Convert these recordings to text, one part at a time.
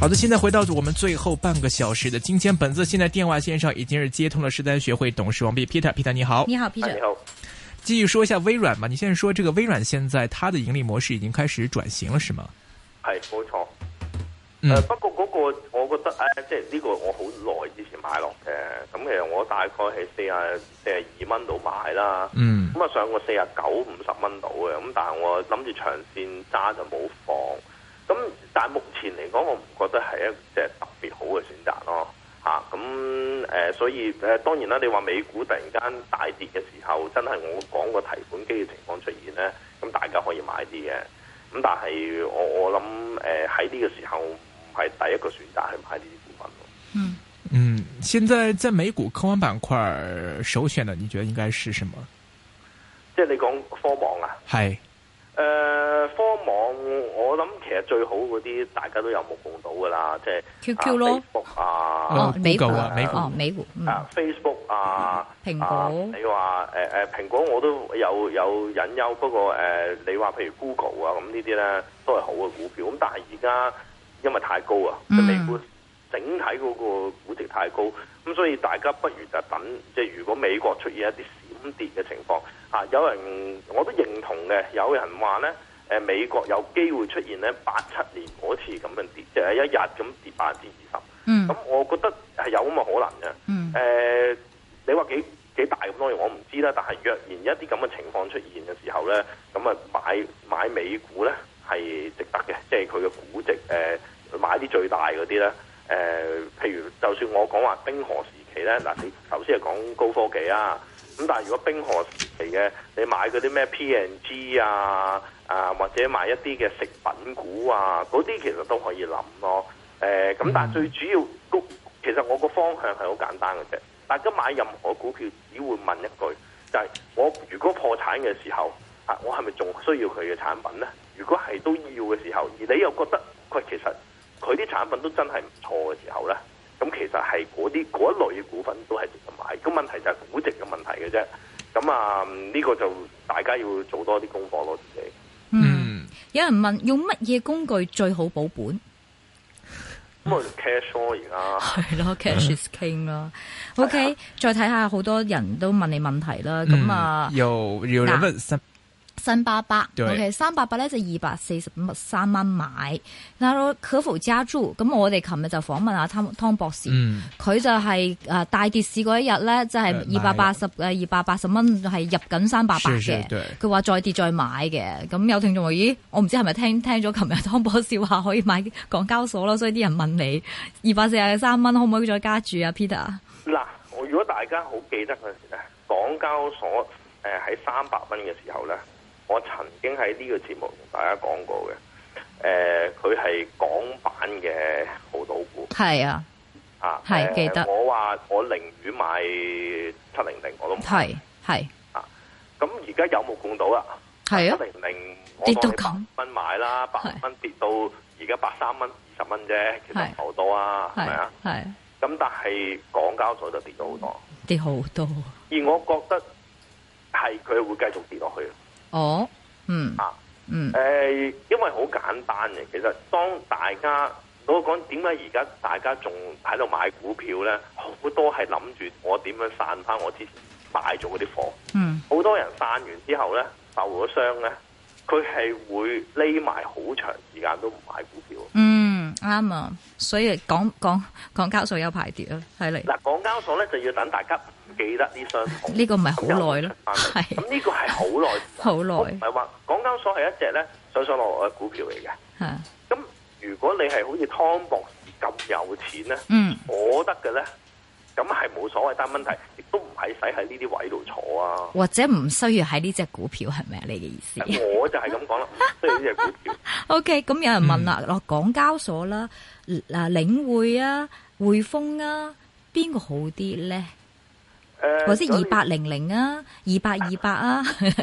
好的，現在回到我們最後半個小時的金錢本次現在電話線上已經是接通了，時代學會董事王弼 Peter，Peter 你好，你好 Peter 你好。繼續說一下微軟嘛？你現在說這個微軟現在它的盈利模式已經開始轉型了，是嗎？係冇錯。誒、嗯呃、不過嗰個我覺得誒即係呢個我好耐之前買落嘅，咁其實我大概是四啊四啊二蚊度買啦。嗯。咁上過四啊九五十蚊度嘅咁但我諗住長線揸就冇放。咁但係目前嚟講，我唔覺得係一隻特別好嘅選擇咯嚇。咁、啊、誒、嗯呃，所以誒當然啦，你話美股突然間大跌嘅時候，真係我講個提款機嘅情況出現咧，咁、嗯、大家可以買啲嘅。咁、嗯、但係我我諗誒喺呢個時候唔係第一個選擇去買呢啲股份咯。嗯嗯，現在在美股科網板塊，首選咧，你覺得應該係什麼？即係你講科網啊係。誒、呃，科網我諗其實最好嗰啲大家都有目共睹噶啦，即、就、係、是啊、QQ 咯、Facebook 啊、哦 Google、啊、uh, 啊 uh, Facebook 啊、蘋果。啊、你話誒誒，蘋、呃、果我都有有隱憂、那個，不過誒，你話譬如 Google 啊，咁呢啲呢都係好嘅股票。咁但係而家因為太高啊、嗯，美股整體嗰個估值太高，咁所以大家不如就等，即、就、係、是、如果美國出現一啲閃跌嘅情況。啊！有人我都認同嘅，有人話咧，誒、呃、美國有機會出現咧八七年嗰次咁樣跌，就係、是、一日咁跌百分之二十。Mm. 嗯，咁我覺得係有咁嘅可能嘅。嗯、呃，誒你話幾幾大咁多嘢，我唔知啦。但係若然一啲咁嘅情況出現嘅時候咧，咁、嗯、啊買買美股咧係值得嘅，即係佢嘅估值誒、呃、買啲最大嗰啲咧。誒、呃、譬如就算我講話冰河時期咧，嗱、呃、你首先係講高科技啦、啊。咁但係如果冰河時期嘅，你買嗰啲咩 P&G 啊，啊或者買一啲嘅食品股啊，嗰啲其實都可以諗咯。誒、呃，咁但係最主要，其實我個方向係好簡單嘅啫。大家買任何股票，只會問一句，就係、是、我如果破產嘅時候，啊，我係咪仲需要佢嘅產品呢？如果係都要嘅時候，而你又覺得喂，其實佢啲產品都真係唔錯嘅時候呢，咁其實係嗰啲嗰一類嘅股份都係值得。就大家要做多啲功課咯，自己。嗯，有人問用乜嘢工具最好保本？咁啊，cash flow 而家係咯，cash is king 咯、啊。OK，、哎、再睇下好多人都問你問題啦。咁、嗯嗯、啊，有有 Yo, never...、啊。」三八八，OK，三八八咧就二百四十三蚊買，可那可否加注？咁我哋琴日就訪問阿湯湯博士，佢、嗯、就係誒大跌市嗰一日咧，就係二百八十誒二百八十蚊係入緊三八八嘅，佢話再跌再買嘅。咁有聽眾話：咦，我唔知係咪聽聽咗琴日湯博士話可以買港交所咯？所以啲人問你二百四十三蚊可唔可以再加注啊，Peter？嗱，如果大家好記得陣時咧，港交所誒喺三百蚊嘅時候咧。我曾經喺呢個節目同大家講過嘅，誒、呃，佢係港版嘅濠賭股。係啊，啊，係記得我話我寧願買七零零，我，我，買700，我都唔係係啊。咁而家有目共睹啦，七零零跌到九蚊買啦，百蚊跌到而家百三蚊二十蚊啫，其實好多啊，係咪啊？係、啊。咁、啊、但係港交所就跌咗好多，跌好多、嗯。而我覺得係佢會繼續跌落去。哦，嗯，啊，嗯，誒、呃，因為好簡單嘅，其實當大家我講點解而家大家仲喺度買股票咧？好多係諗住我點樣散翻我之前買咗嗰啲貨，嗯，好多人散完之後咧受咗傷咧，佢係會匿埋好長時間都唔買股票，嗯，啱啊，所以講講港交所有排跌啊，係嚟，嗱，港交所咧就要等大家。記得呢雙呢個唔係好耐咯，係咁呢個係好耐。好耐唔係話港交所係一隻咧上上落落嘅股票嚟嘅。嚇咁如果你係好似湯博士咁有錢咧，嗯，我得嘅咧，咁係冇所謂。但問題亦都唔係使喺呢啲位度坐啊，或者唔需要喺呢隻股票係咪啊？你嘅意思我就係咁講啦，即係呢隻股票。O K，咁有人問啦，落港交所啦，嗱領匯啊，匯豐啊，邊個好啲咧？呃、或者二八零零啊，二八二八啊，呢、啊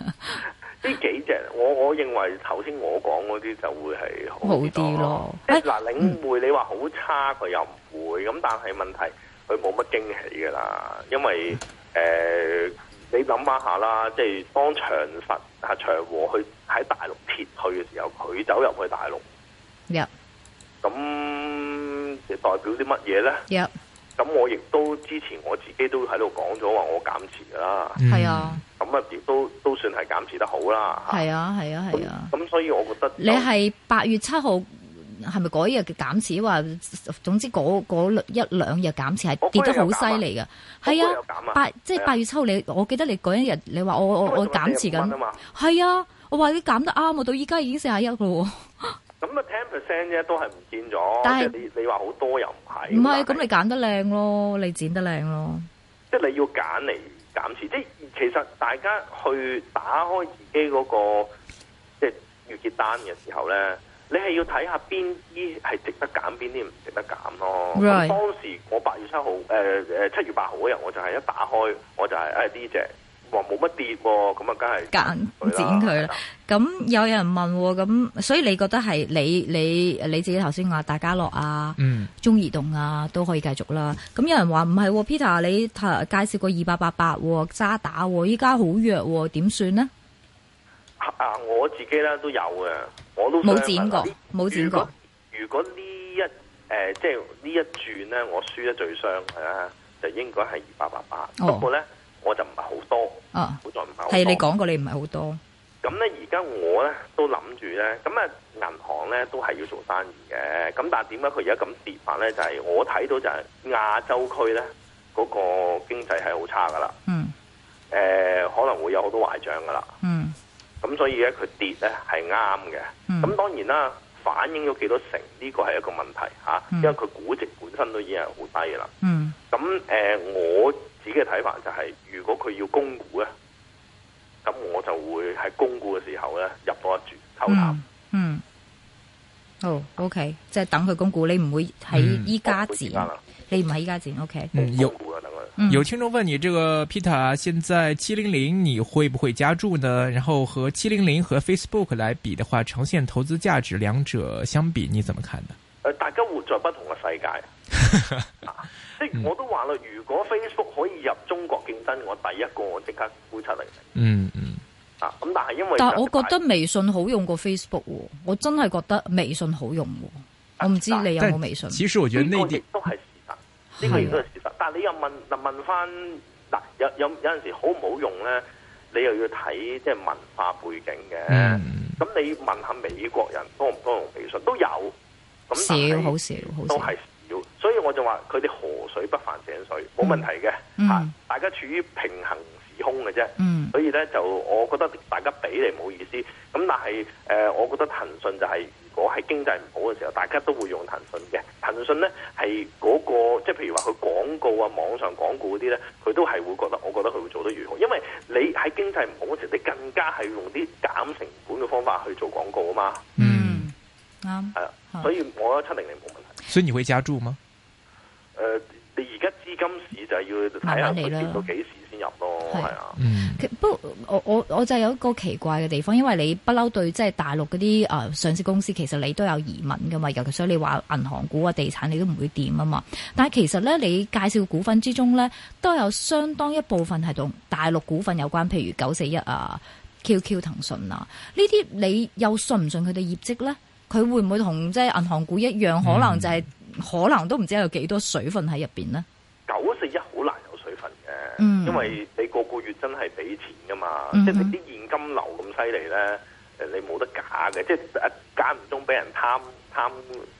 啊、 幾隻我我認為頭先我講嗰啲就會係好啲咯。嗱、哎，領匯你話好差佢又唔會，咁、嗯、但係問題佢冇乜驚喜噶啦。因為誒、嗯呃，你諗一下啦，即係當長實吓長和去喺大陸撤退嘅時候，佢走入去大陸，咁、嗯、咁，代表啲乜嘢咧？嗯咁我亦都之前我自己都喺度講咗話我減持㗎啦，嗯、啊，咁啊亦都都算係減持得好啦，係啊係啊係啊，咁、啊啊、所，所以我覺得你係八月七號係咪嗰一日嘅減持？話總之嗰嗰一兩日減持係跌得好犀利㗎，係啊，八、啊啊、即係八月七號、啊，你我記得你嗰一日你話我我我減持緊，係啊，我話你減得啱我到依家已經四廿一喎。 咁啊，ten percent 咧都係唔見咗。但係你你話好多又唔係。唔係，咁你揀得靚咯，你剪得靚咯。即係你要揀嚟減錢。即係其實大家去打開自己嗰個即係月結單嘅時候咧，你係要睇下邊啲係值得減，邊啲唔值得減咯。咁、right. 當時我八月七號，誒誒七月八號嗰日，呃、日我就係一打開，我就係誒呢隻。哎這個話冇乜跌，咁啊，梗係揀剪佢啦。咁有人問，咁所以你覺得係你你你自己頭先話大家樂啊，嗯，中移動啊都可以繼續啦。咁有人話唔係，Peter 你介紹個二八八八渣打，依家好弱，點算呢？啊，我自己咧都有啊，我都冇剪過，冇剪過。啊、如果呢一誒、呃，即係呢一轉咧，我輸得最傷係啦，就應該係二八八八。不過咧。我就唔係好多，啊、好在唔係好多。係你講過你唔係好多。咁咧，而家我咧都諗住咧，咁啊，銀行咧都係要做生意嘅。咁但係點解佢而家咁跌法咧？就係、係、我睇到就係亞洲區咧嗰、嗰個經濟係好差噶啦。嗯。誒、呃，可能會有好多壞帳噶啦。嗯。咁所以咧，佢跌咧係啱嘅。咁、嗯、當然啦，反映咗幾多成呢、呢個係一個問題嚇、啊嗯，因為佢估值本身都已經係好低噶啦。嗯。咁誒、呃，我。自己嘅睇法就係、是，如果佢要供股啊，咁我就會喺供股嘅時候咧入多一注，投淡嗯，哦、嗯 oh，OK，即係等佢供股，你唔會喺依家展，你唔係依家展 OK 有、嗯、有聽眾問你，這個 Peter 現在七零零你會不會加注呢？然後和七零零和 Facebook 來比的話，長線投資價值兩者相比，你怎麼看呢？誒、呃，大家活在不同。世 界，啊，即我都話啦，如果 Facebook 可以入中國競爭，我第一個我即刻估出嚟。嗯嗯。啊，咁但係因為但係我覺得微信好用過 Facebook，我真係覺得微信好用。我唔知你有冇微信？其實我覺得呢啲都係事實，呢個亦都係事實。但係你又問，又問翻嗱、啊，有有有陣時好唔好用咧？你又要睇即係文化背景嘅。咁、嗯、你問下美國人多唔多用微信都有。少，但好，少好少，都係少，所以我就話佢哋河水不犯井水，冇問題嘅。吓、嗯，大家處於平行時空嘅啫。嗯，所以咧就我覺得大家比嚟冇意思。咁但係誒、呃，我覺得騰訊就係、是、如果係經濟唔好嘅時候，大家都會用騰訊嘅。騰訊咧係嗰個即係譬如話佢廣告啊，網上廣告嗰啲咧，佢都係會覺得，我覺得佢會做得越好。因為你喺經濟唔好嘅時候，你更加係用啲減成本嘅方法去做廣告啊嘛。嗯。啱係，所以我覺得七零零冇問題。所以你會加注嗎？誒、呃，你而家資金市就係要睇下佢跌到幾時先入咯。係啊，嗯。其不過，我我我就有一個奇怪嘅地方，因為你不嬲對即係大陸嗰啲誒上市公司，其實你都有疑問噶嘛。尤其所以你話銀行股啊、地產，你都唔會掂啊嘛。但係其實咧，你介紹股份之中咧，都有相當一部分係同大陸股份有關，譬如九四一啊、Q Q 騰訊啊呢啲，這些你又信唔信佢哋業績咧？佢會唔會同即係銀行股一樣？可能就係、是嗯、可能都唔知有幾多水分喺入邊呢。九四一好難有水分嘅，嗯，因為你個個月真係俾錢噶嘛，嗯、即係啲現金流咁犀利咧，誒你冇得假嘅，即係間唔中俾人貪貪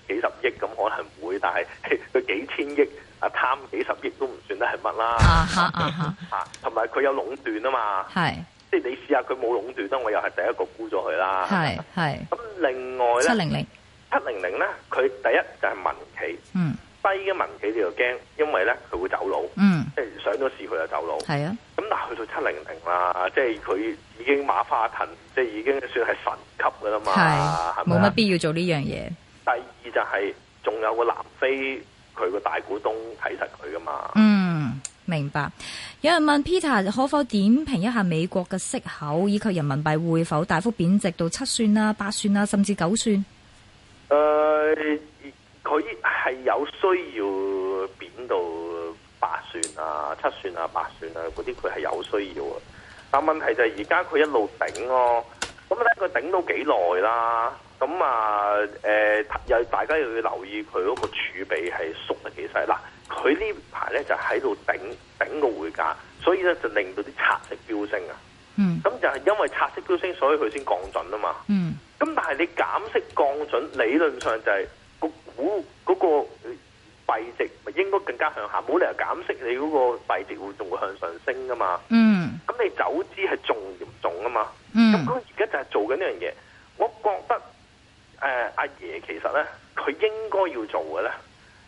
幾十億咁可能唔會，但係佢幾千億啊貪幾十億都唔算得係乜啦。啊同埋佢有壟斷啊嘛。係。即係你試下佢冇壟斷，我又係第一個估咗佢啦。係係。咁另外咧，七零零七零零咧，佢第一就係民企，嗯，低嘅民企你就驚，因為咧佢會走佬，嗯，即係上咗市佢就走佬。係啊。咁但去到七零零啦，即係佢已經馬化騰，即係已經算係神級噶啦嘛，係，冇乜必要做呢樣嘢。第二就係、是、仲有個南非，佢個大股東睇實佢噶嘛。嗯。明白，有人問 Peter 可否點評一下美國嘅息口，以及人民幣會否大幅貶值到七算啊、八算啊，甚至九算？誒、呃，佢係有需要貶到八算啊、七算啊、八算啊嗰啲，佢係有需要啊。但問題就係而家佢一路頂咯、啊，咁咧佢頂到幾耐啦？咁、嗯、啊，誒、呃、又大家又要留意佢嗰個儲備係縮得幾細啦。佢呢排咧就喺度頂頂個匯價，所以咧就令到啲拆息飆升啊。嗯，咁就係因為拆息飆升，所以佢先降準啊嘛。嗯，咁但係你減息降準，理論上就係、是、個股嗰、那個幣值咪應該更加向下。冇理由減息，你嗰個幣值會仲會向上升㗎嘛？嗯，咁你走資係重唔重啊嘛？嗯，咁佢而家就係做緊呢樣嘢，我覺得。誒、呃、阿爺，爺其實咧，佢應該要做嘅咧，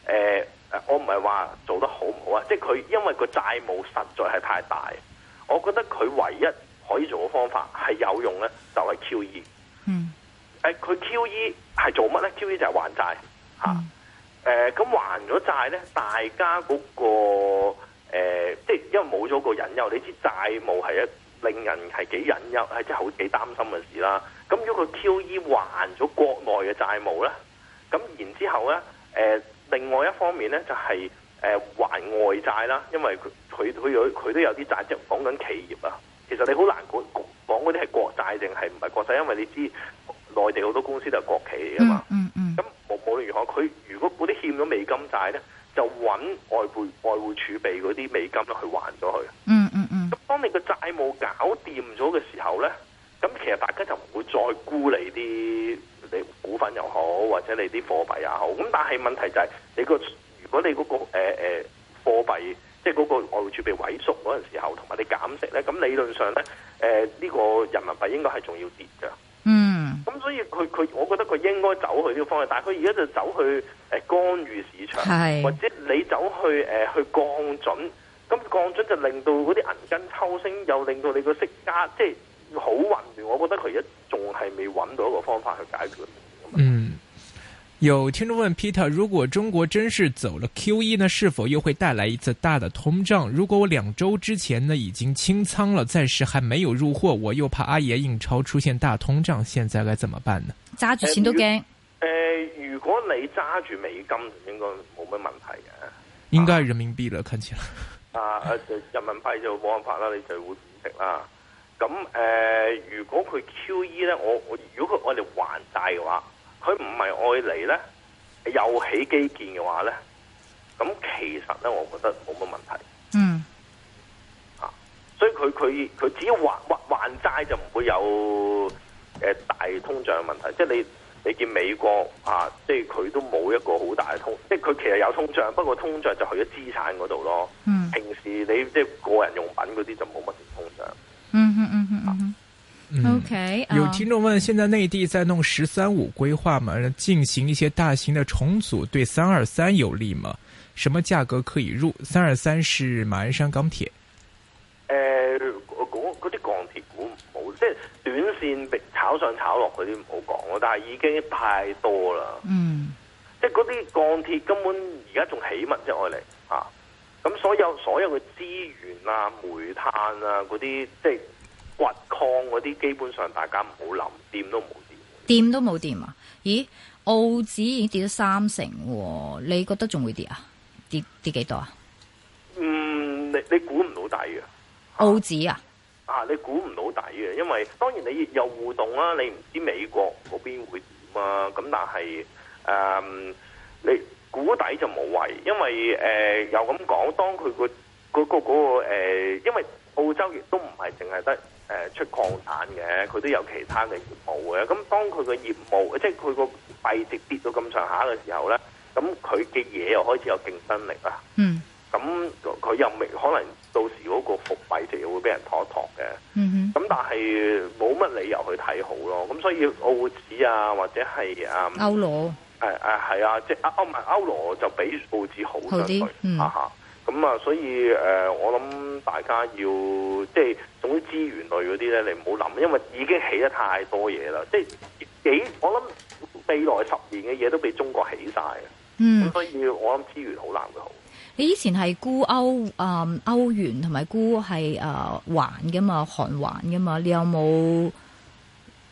誒、呃、誒，我唔係話做得好唔好啊！即係佢因為個債務實在係太大，我覺得佢唯一可以做嘅方法係有用咧、嗯，呃呢 QE、就係 QE。嗯，誒佢 QE 係做乜咧？QE 就係還債嚇。誒咁還咗債咧，大家嗰、那個、呃、即係因為冇咗個引誘，你知債務係一。令人係幾隱憂，係即係好幾擔心嘅事啦。咁如果佢 QE 還咗國內嘅債務咧，咁然之後咧，誒、呃、另外一方面咧就係、是、誒、呃、還外債啦，因為佢佢佢佢都有啲債，即係講緊企業啊。其實你好難講講嗰啲係國債定係唔係國債，因為你知內地好多公司都係國企嚟噶嘛。嗯嗯。咁、嗯、無論如何，佢如果嗰啲欠咗美金債咧，就揾外匯外匯儲備嗰啲美金去還咗佢。嗯。當你個債務搞掂咗嘅時候呢，咁其實大家就唔會再沽你啲你股份又好，或者你啲貨幣也好。咁但係問題就係、是、你個如果你嗰、那個誒誒貨幣即係嗰個外匯儲備萎縮嗰陣時候，同埋你減息呢，咁理論上呢，誒、呃、呢、這個人民幣應該係仲要跌嘅。嗯，咁所以佢佢，我覺得佢應該走去呢個方向，但係佢而家就走去干預市場，或者你走去誒、呃、去降準。咁降準就令到嗰啲銀根抽升，又令到你個息差即係好混亂。我覺得佢一仲係未揾到一個方法去解決。嗯，有聽眾問 Peter，如果中國真是走了 QE 呢，是否又會帶來一次大的通脹？如果我兩周之前呢已經清倉了，暫時還沒有入貨，我又怕阿爺印鈔出現大通脹，現在該怎麼辦呢？揸住錢都驚。誒，如果你揸住美金，應該冇乜問題嘅。應該係人民幣啦，看起來。啊！啊！人民幣就冇辦法啦，你就會貶值啦。咁誒、呃，如果佢 QE 咧，我我如果佢愛嚟還債嘅話，佢唔係愛嚟咧，又起基建嘅話咧，咁其實咧，我覺得冇乜問題。嗯。啊！所以佢佢佢只要還還還債就唔會有誒、呃、大通脹嘅問題，即係你。你見美國啊，即係佢都冇一個好大嘅通，即係佢其實有通脹，不過通脹就去咗資產嗰度咯。嗯，平時你即係個人用品嗰啲就冇乜點通脹。嗯哼嗯哼嗯哼、啊 okay, uh. 嗯。OK，有聽眾問現在內地在弄135「十三五」規劃嘛？進行一些大型的重組對三二三有利嗎？什麼價格可以入？三二三是馬鞍山鋼鐵。誒、嗯，嗰嗰啲鋼鐵股唔好，即係。短線炒上炒落嗰啲唔好講，但係已經太多啦。嗯，即係嗰啲鋼鐵根本現在還而家仲起物即係嚟。啊，咁所有所有嘅資源啊、煤炭啊嗰啲，即係掘礦嗰啲，基本上大家唔好諗，掂都冇掂。掂都冇掂啊？咦，澳紙已經跌咗三成啊，你覺得仲會跌啊？跌跌幾多啊？嗯，你你估唔到底啊？澳紙啊？啊！你估唔到底嘅，因為當然你又互動啦，你唔知美國嗰邊會點啊。咁但係誒、嗯，你估底就冇謂，因為誒、呃、又咁講，當佢、嗰個、嗰個、嗰個誒、呃，因為澳洲亦都唔係淨係得誒出礦產嘅，佢都有其他嘅業務嘅。咁當佢個業務即係佢個幣值跌到咁上下嘅時候咧，咁佢嘅嘢又開始有競爭力啦。嗯。咁佢又未可能到時嗰個貨幣就會俾人拖一拖嘅。咁、嗯、但係冇乜理由去睇好咯。咁所以澳紙啊，或者係啊、嗯、歐羅，係係係啊，即係歐唔係歐羅就比澳紙好啲。嗯，咁啊，所以誒、呃，我諗大家要即係總之資源類嗰啲咧，你唔好諗，因為已經起得太多嘢啦。即係幾，我諗未來十年嘅嘢都俾中國起晒，啊、嗯。所以我諗資源好難會好。你以前係沽歐啊，嗯、歐元同埋沽係啊環㗎嘛，韓環㗎嘛，你有冇？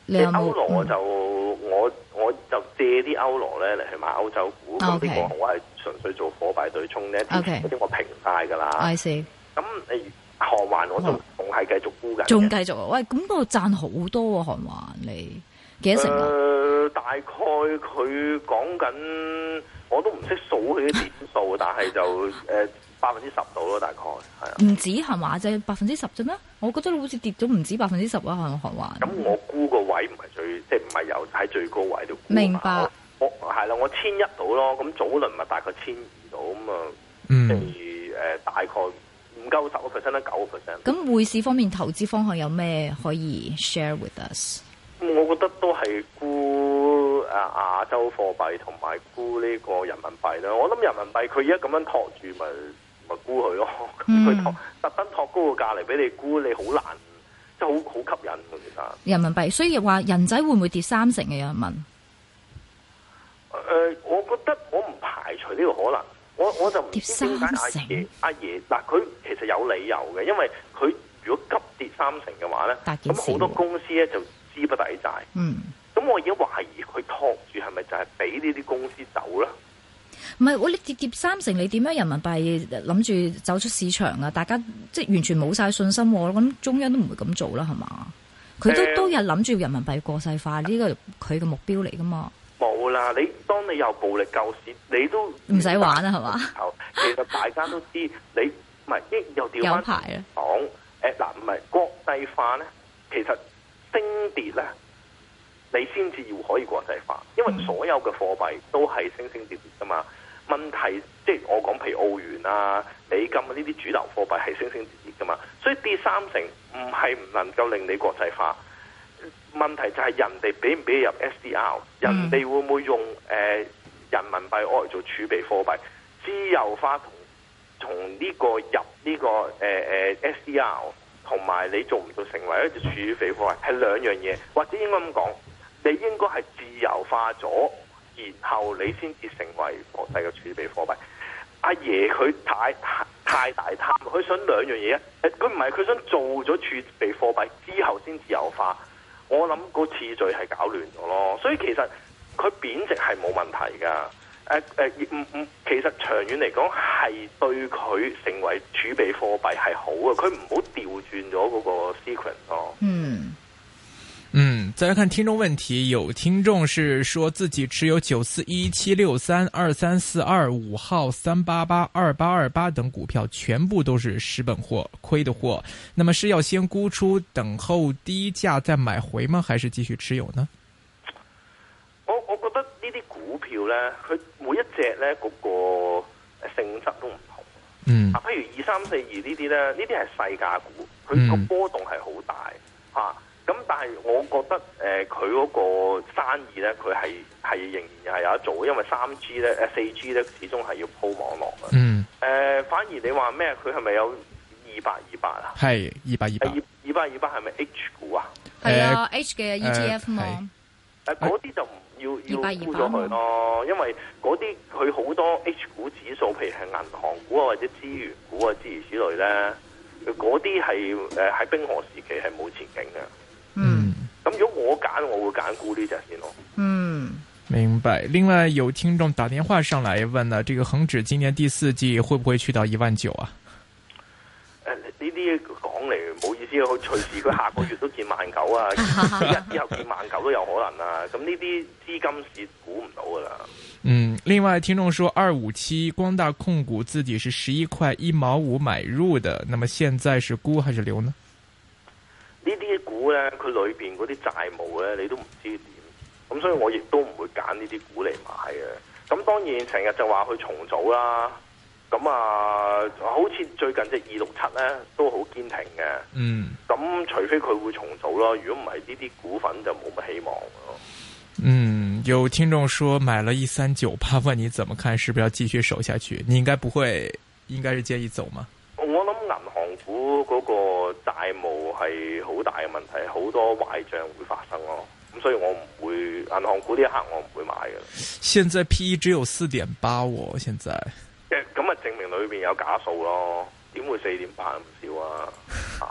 你有冇歐羅我就，嗯、我我就借啲歐羅呢嚟去買歐洲股，歐啲貨我係純粹做貨幣對沖呢。或，okay。者我平晒㗎啦。I C 咁你韓環我都仲係繼續沽㗎，仲繼續啊？喂，咁我賺好多喎，啊，韓環你幾多成啊，呃？大概佢講緊。我都唔識數佢啲點數， 但係就誒、呃、 百分之十到咯，大概係啊。唔止係嘛？就百分之十啫咩？我覺得好似跌咗唔止百分之十啊！係嘛。咁我估個位唔係最，即係唔係有喺最高位度。明白。我係啦、啊，我千一到咯，咁早輪咪大概千二到咁啊？即譬如大概唔夠十個 percent，得九個 percent。咁匯市方面投資方向有咩可以 share with us？我覺得都係估。啊！亞洲貨幣同埋沽呢個人民幣咧，我諗人民幣佢而家咁樣托住，咪咪沽佢咯。咁佢特登托高個價嚟俾你沽，你好難，即係好好吸引其實。人民幣，所以話人仔會唔會跌三成嘅有人問？誒、呃，我覺得我唔排除呢個可能。我我就唔跌三成。阿、啊、爺，阿爺，嗱，佢其實有理由嘅，因為佢如果急跌三成嘅話咧，咁好多公司咧就資不抵債。嗯。咁我已經懷疑佢托住係咪就係俾呢啲公司走啦？唔係，你跌跌三成，你點樣人民幣諗住走出市場啊？大家即係完全冇晒信心咯、啊。咁中央都唔會咁做啦、啊，係嘛？佢都、呃、都有諗住人民幣過細化呢個佢嘅目標嚟噶嘛？冇啦！你當你有暴力救市，你都唔使玩啦，係嘛？ 其實大家都知道，你唔係跌又調翻牌咧。講誒嗱，唔、呃、係國際化咧，其實升跌咧。你先至要可以國際化，因為所有嘅貨幣都係升升跌跌㗎嘛。問題即係我講譬如澳元啊、美金呢啲主流貨幣係升升跌跌㗎嘛，所以第三成唔係唔能夠令你國際化。問題就係人哋畀唔畀入 SDR，mm. 人哋會唔會用誒、呃、人民幣攞嚟做儲備貨幣？自由化同同呢個入呢、呢個誒誒、呃、SDR，同埋你做唔到成為一隻儲備貨幣係兩樣嘢，或者應該咁講。你應該係自由化咗，然後你先至成為國際嘅儲備貨幣。阿爺佢太太太大貪，佢想兩樣嘢啊！誒，佢唔係佢想做咗儲備貨幣之後先自由化，我諗個次序係搞亂咗咯。所以其實佢貶值係冇問題噶。誒、呃、誒，唔、呃、唔、呃，其實長遠嚟講係對佢成為儲備貨幣係好嘅。佢唔好調轉咗嗰個 sequence 咯。嗯。再來看聽眾問題，有聽眾是說自己持有九四一七六三二三四二五號三八八二八二八等股票，全部都是蝕本貨虧的貨。那麼是要先沽出，等候低價再買回嗎？還是繼續持有呢？我我覺得呢啲股票呢，佢每一隻呢個性質都唔同。嗯，啊，譬如二三四二呢啲呢，呢啲係細價股，佢個波動係好大，嗯、啊。咁、嗯、但係我覺得誒，佢、呃、嗰個生意咧，佢係係仍然係有得做，因為三 G 咧誒四 G 咧始終係要鋪網絡啊。嗯。誒、呃，反而你話咩？佢係咪有二百、二百？啊？係二百、二八、呃。二八二八係咪 H 股啊？係啊、呃、，H 嘅 ETF 嘛。誒，嗰、呃、啲就唔要要沽咗佢咯，因為嗰啲佢好多 H 股指數，譬如係銀行股啊，或者資源股啊諸如此類咧，嗰啲係誒喺冰河時期係冇前景嘅。如果我揀，我會揀估呢隻先咯。嗯，明白。另外有聽眾打電話上嚟問呢、啊，呢個恒指今年第四季會唔會去到一萬九啊？誒、呃，呢啲講嚟唔好意思，佢隨時佢下個月都見萬九啊，一 又見萬九都有可能啦、啊。咁呢啲資金市估唔到噶啦。嗯，另外聽眾說，二五七光大控股自己是十一塊一毛五買入的，那麼現在是沽還是留呢？呢啲股咧，佢裏邊嗰啲債務咧，你都唔知點，咁所以我亦都唔會揀呢啲股嚟買嘅。咁當然成日就話去重組啦，咁啊，好似最近隻二六七咧都好堅挺嘅。嗯，咁除非佢會重組咯，如果唔係呢啲股份就冇乜希望咯。嗯，有聽眾說買了一三九八，問你怎麼看，是不是要繼續守下去？你應該不會，應該是建議走嗎？我諗銀行股嗰個債務係。係好多壞賬會發生咯，咁所以我唔會銀行股呢一刻我唔會買嘅啦。現在 P E 只有四點八，現在，誒咁啊，證明裏邊有假數咯，點會四點八咁少啊？啊，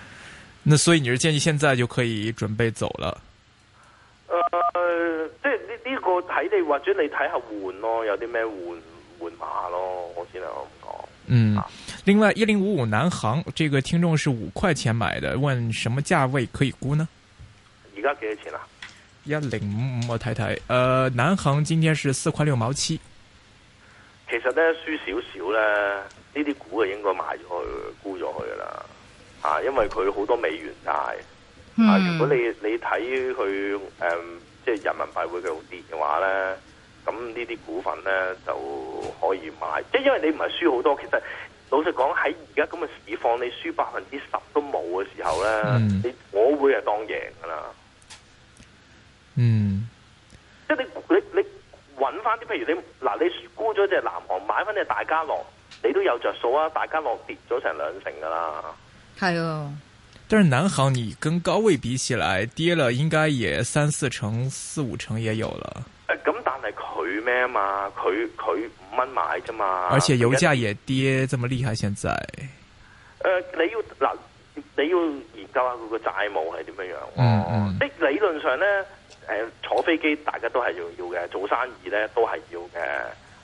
咁所以你就建議現在就可以準備走啦？誒、呃，即係呢呢個睇你或者你睇下換咯，有啲咩換換碼咯，我先嚟講。嗯。啊另外一零五五南航，這個聽眾是五塊錢買的問什麼價位可以沽呢？而家幾多錢啊？一零五五，我睇睇，呃，南航今天是四塊六毛七。其實咧，輸少少咧，呢啲股啊應該賣咗沽咗佢噶啦，因為佢好多美元債。啊、如果你你睇佢誒，即、呃、係、就是、人民幣會繼續跌嘅話咧，咁呢啲股份咧就可以買，即係因為你唔係輸好多，其實。老實講喺而家咁嘅市況，你輸百分之十都冇嘅時候咧、嗯，你我會係當贏噶啦。嗯，即係你你你揾翻啲，譬如你嗱，你沽咗隻南航，買翻隻大家樂，你都有着數啊！大家樂跌咗成兩成噶啦。係啊，但係南航你跟高位比起來，跌啦應該也三四成、四五成也有了。哎嗯佢咩嘛？佢佢五蚊買啫嘛。而且油價也跌這麼厲害，現在。誒、呃，你要嗱，你要研究下佢個債務係點樣樣、啊。即係、嗯嗯、理論上咧，誒，坐飛機大家都係要要嘅，做生意咧都係要嘅。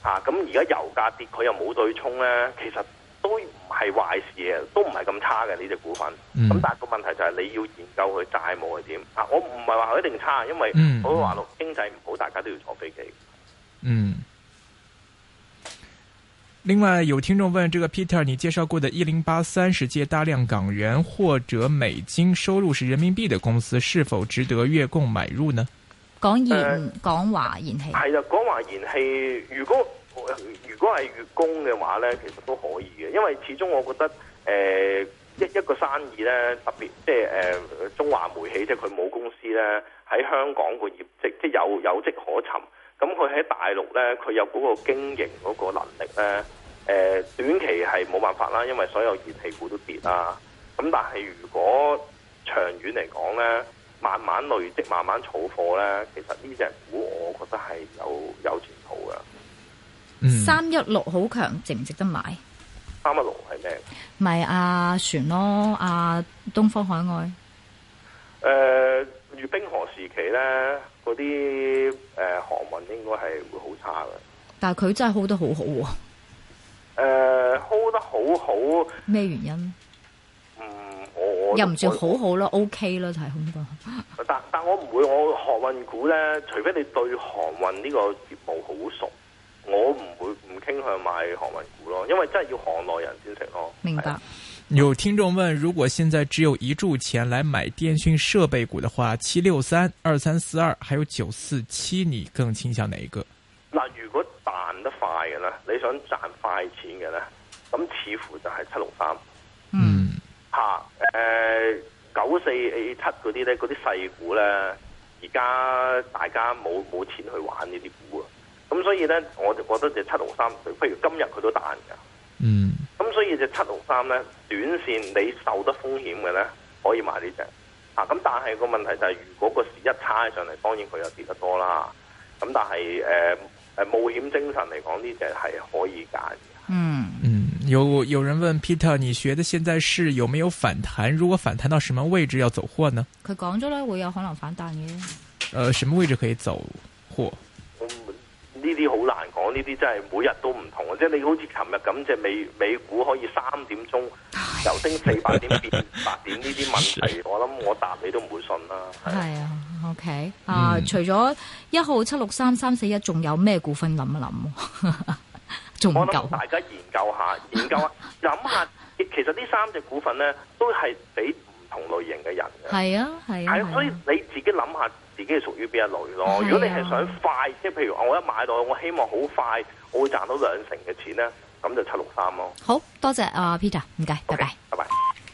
吓、啊，咁而家油價跌，佢又冇對沖咧，其實。都唔係壞事嘅，都唔係咁差嘅呢隻股份。咁、嗯、但係個問題就係你要研究佢債務係點。啊，我唔係話一定差，因為我話咯，經濟唔好，大家都要坐飛機。嗯、另外有聽眾問：，這個 Peter，你介紹過的一零八三十屆大量港元或者美金收入是人民幣的公司，是否值得月供買入呢？港燃港華燃氣係啦，港華燃氣、呃、氣，如果。呃如果係月供嘅話呢，其實都可以嘅，因為始終我覺得，誒、呃、一一個生意呢，特別即係誒中華煤氣，即係佢冇公司呢，喺香港個業績，即係有有迹可尋。咁佢喺大陸呢，佢有嗰個經營嗰個能力呢，誒、呃、短期係冇辦法啦，因為所有燃氣股都跌啦。咁但係如果長遠嚟講呢，慢慢累積、慢慢儲貨呢，其實呢隻股我覺得係有有前途㗎。三一六好強，值唔值得買？三一六係咩？咪、就、阿、是啊、船咯，阿、啊、東方海外。誒、呃，越冰河時期咧，嗰啲誒航運應該係會好差嘅。但係佢真係 hold 得好好、啊呃、hold 得好好。誒，hold 得好好。咩原因？嗯，我又唔算好好咯，OK 咯，太空檔。但但我唔會，我唔會我航運股咧，除非你對航運呢個業務好熟。我唔會唔傾向買航運股咯，因為真係要行內人先食咯。明白。啊、有聽眾問：如果現在只有一注錢來買電訊設備股的話，七六三、二三四二，還有九四七，你更傾向哪一個？嗱，如果彈得快嘅呢，你想賺快錢嘅咧，咁似乎就係七六三。嗯。吓、啊，誒、呃，九四 A 七嗰啲呢，嗰啲細股呢，而家大家冇冇錢去玩呢啲股。咁、嗯、所以咧，我就覺得隻七六三，不如今日佢都彈㗎。嗯。咁、嗯、所以隻七六三咧，短線你受得風險嘅咧，可以買呢隻。啊，咁但係個問題就係、是，如果個市一差上嚟，當然佢又跌得多啦。咁、嗯、但係誒誒冒險精神嚟講，呢隻係可以揀嘅。嗯嗯，有有人問 Peter，你學的現在是有沒有反彈？如果反彈到什麼位置要走貨呢？佢講咗啦，會有可能反彈嘅。誒、呃，什麼位置可以走貨？呢啲好難講，呢啲真係每日都唔同嘅，即係你好似琴日咁，即係美美股可以三點鐘由升四百點變八點呢啲問題， 我諗我答你都唔會信啦。係啊，OK 啊，okay 啊，嗯，除咗一號七六三三四一，仲有咩股份諗一諗？仲 唔夠？大家研究一下，研究下，諗下，其實呢三隻股份呢，都係比。同類型嘅人的，係啊係啊，係啊，所以你自己諗下自己係屬於邊一類咯，啊。如果你係想快，即係譬如話我一買到，我希望好快，我會賺到兩成嘅錢咧，咁就七六三咯。好多謝阿 Peter，唔該，Okay, 拜拜，拜拜。